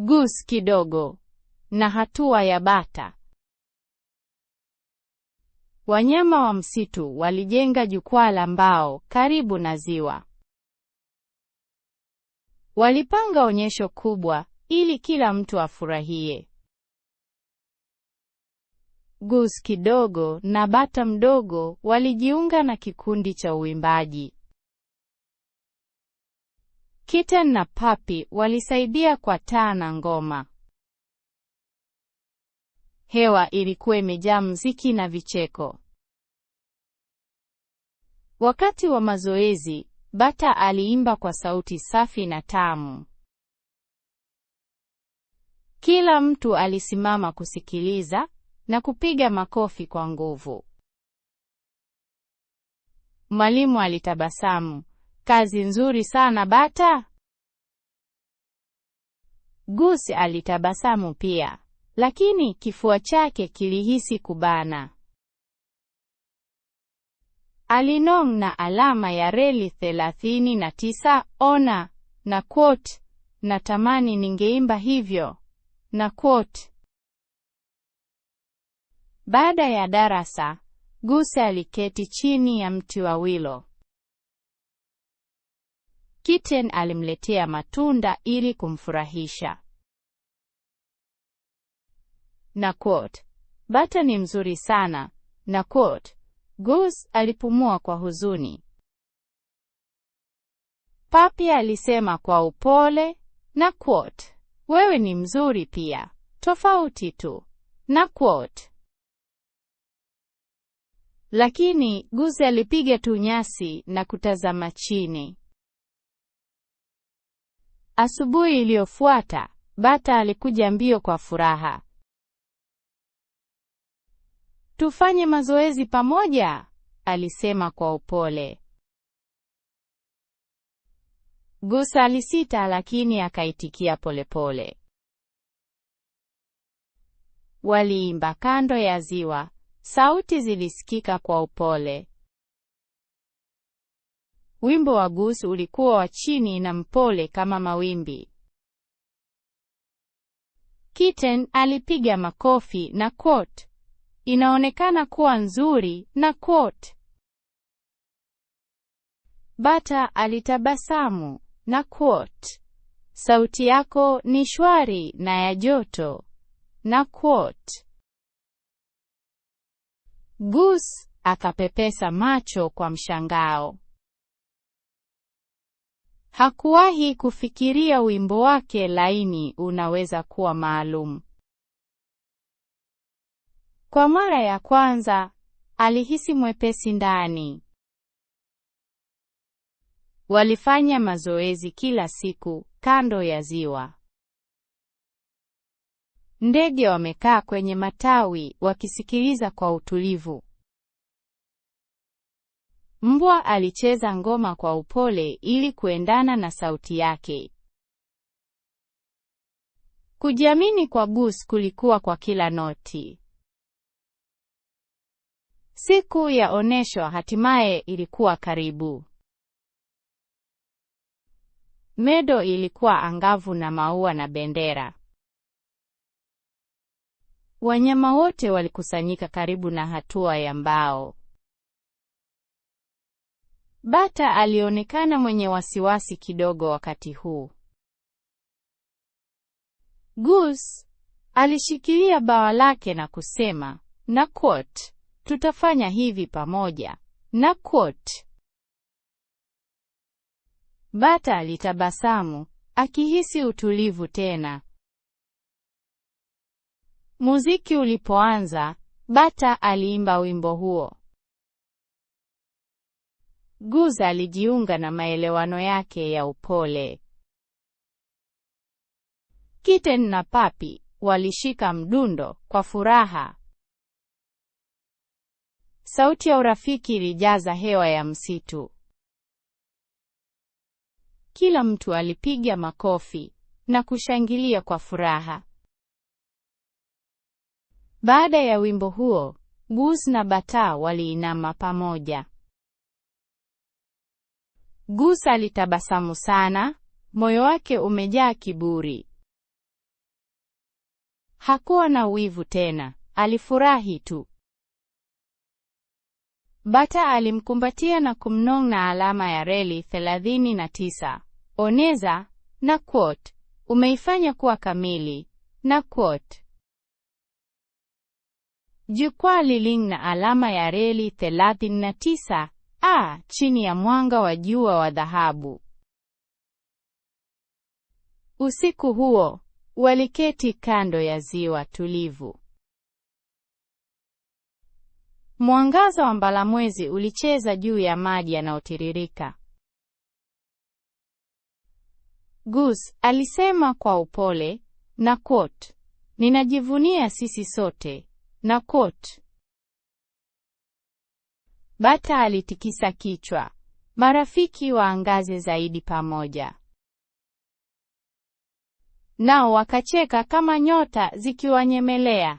goose kidogo na hatua ya bata. Wanyama wa msitu walijenga jukwaa la mbao karibu na ziwa. Walipanga onyesho kubwa ili kila mtu afurahie. Goose kidogo na bata mdogo walijiunga na kikundi cha uimbaji. Kitten na Papi walisaidia kwa taa na ngoma. Hewa ilikuwa imejaa muziki na vicheko. Wakati wa mazoezi, Bata aliimba kwa sauti safi na tamu. Kila mtu alisimama kusikiliza na kupiga makofi kwa nguvu. Mwalimu alitabasamu Kazi nzuri sana bata. Gusi alitabasamu pia, lakini kifua chake kilihisi kubana. na alama ya reli thelathini na tisa ona na quote, natamani ningeimba hivyo na quote. Baada ya darasa, Gusi aliketi chini ya mti wa wilo. Kiten alimletea matunda ili kumfurahisha na quote, bata ni mzuri sana na quote, Goose alipumua kwa huzuni. Papi alisema kwa upole na quote, wewe ni mzuri pia, tofauti tu na quote. Lakini Goose alipiga tu nyasi na kutazama chini. Asubuhi iliyofuata, Bata alikuja mbio kwa furaha. Tufanye mazoezi pamoja, alisema kwa upole. Gusa alisita lakini akaitikia polepole. Waliimba kando ya ziwa, sauti zilisikika kwa upole. Wimbo wa Gus ulikuwa wa chini na mpole kama mawimbi. Kitten alipiga makofi na quote, inaonekana kuwa nzuri na quote. Bata alitabasamu na quote, sauti yako ni shwari na ya joto na quote. Gus akapepesa macho kwa mshangao. Hakuwahi kufikiria wimbo wake laini unaweza kuwa maalum. Kwa mara ya kwanza, alihisi mwepesi ndani. Walifanya mazoezi kila siku kando ya ziwa. Ndege wamekaa kwenye matawi wakisikiliza kwa utulivu. Mbwa alicheza ngoma kwa upole ili kuendana na sauti yake. Kujiamini kwa Gus kulikuwa kwa kila noti. Siku ya onesho hatimaye ilikuwa karibu. Medo ilikuwa angavu na maua na bendera. Wanyama wote walikusanyika karibu na hatua ya mbao. Bata alionekana mwenye wasiwasi kidogo wakati huu. Gus alishikilia bawa lake na kusema na quote, tutafanya hivi pamoja na quote. Bata alitabasamu akihisi utulivu tena. Muziki ulipoanza, Bata aliimba wimbo huo. Guza alijiunga na maelewano yake ya upole. Kiten na Papi walishika mdundo kwa furaha. Sauti ya urafiki ilijaza hewa ya msitu. Kila mtu alipiga makofi na kushangilia kwa furaha. Baada ya wimbo huo, Guz na Bata waliinama pamoja. Gus alitabasamu sana, moyo wake umejaa kiburi. Hakuwa na wivu tena, alifurahi tu. Bata alimkumbatia na na alama ya reli 39. Oneza na quote, umeifanya kuwa kamili na quote. Jukwaa na alama ya reli 39 A, chini ya mwanga wa jua wa dhahabu. Usiku huo waliketi kando ya ziwa tulivu. Mwangaza wa mbalamwezi ulicheza juu ya maji yanayotiririka. Gus alisema kwa upole na quote, ninajivunia sisi sote na quote, Bata alitikisa kichwa. Marafiki waangaze zaidi pamoja. Nao wakacheka kama nyota zikiwanyemelea.